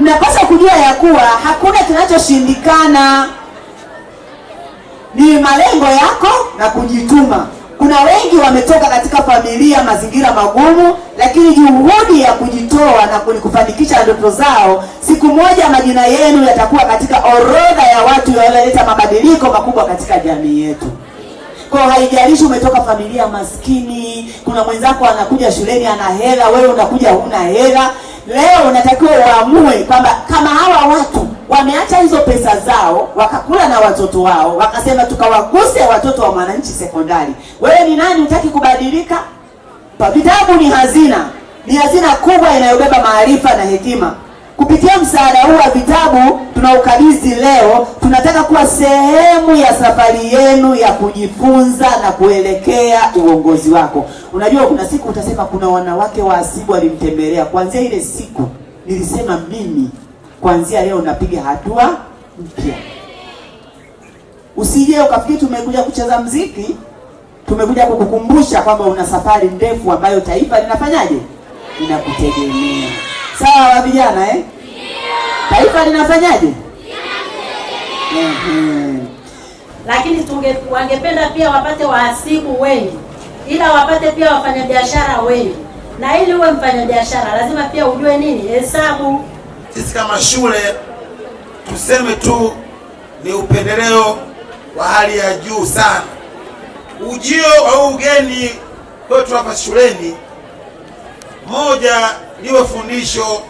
mnapaswa kujua ya kuwa hakuna kinachoshindikana, ni malengo yako na kujituma. Kuna wengi wametoka katika familia mazingira magumu, lakini juhudi ya kujitoa na kufanikisha ndoto zao, siku moja majina yenu yatakuwa katika orodha ya watu walioleta mabadiliko makubwa katika jamii yetu. Kwa haijalishi umetoka familia maskini, kuna mwenzako anakuja shuleni ana hela, wewe unakuja huna hela Leo unatakiwa uamue kwamba kama hawa watu wameacha hizo pesa zao wakakula na watoto wao, wakasema tukawaguse watoto wa Mwananchi Sekondari, wewe ni nani? utaki kubadilika? Vitabu ni hazina, ni hazina kubwa inayobeba maarifa na hekima. Kupitia msaada huu wa vitabu tunaukabidhi leo. Tunataka kuwa sehemu ya safari yenu ya kujifunza na kuelekea uongozi wako. Unajua, kuna siku utasema kuna wanawake asibu walimtembelea. Kuanzia ile siku nilisema mimi, kuanzia leo napiga hatua mpya. Usije ukafikiri tumekuja kucheza mziki, tumekuja kukukumbusha kwamba una safari ndefu ambayo taifa linafanyaje, inakutegemea. Sawa vijana eh? taifa linafanyaje? Lakini tunge wangependa pia wapate wahasibu wengi, ila wapate pia wafanyabiashara wengi, na ili uwe mfanyabiashara lazima pia ujue nini hesabu. Sisi kama shule tuseme tu ni upendeleo wa hali ya juu sana. Ujio au ugeni kwetu hapa shuleni, moja liwe fundisho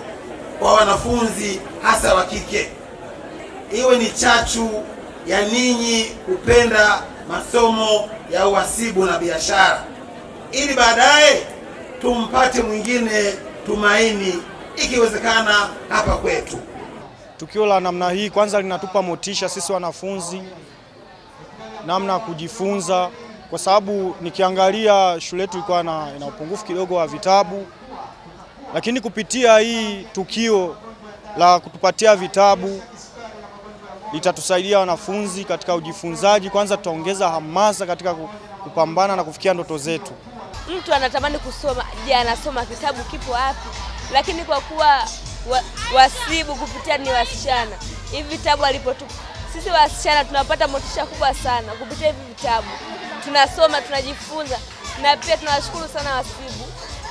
kwa wanafunzi hasa wa kike, iwe ni chachu ya ninyi kupenda masomo ya uhasibu na biashara, ili baadaye tumpate mwingine tumaini, ikiwezekana hapa kwetu. Tukio la namna hii kwanza linatupa motisha sisi wanafunzi namna ya kujifunza, kwa sababu nikiangalia shule yetu ilikuwa ina upungufu kidogo wa vitabu. Lakini kupitia hii tukio la kutupatia vitabu litatusaidia wanafunzi katika ujifunzaji. Kwanza tutaongeza hamasa katika kupambana na kufikia ndoto zetu. Mtu anatamani kusoma, je, anasoma kitabu kipo wapi? Lakini kwa kuwa wa, wasibu kupitia ni wasichana, hivi vitabu alipotupa sisi wasichana tunapata motisha kubwa sana kupitia hivi vitabu, tunasoma tunajifunza, na pia tunawashukuru sana wasibu.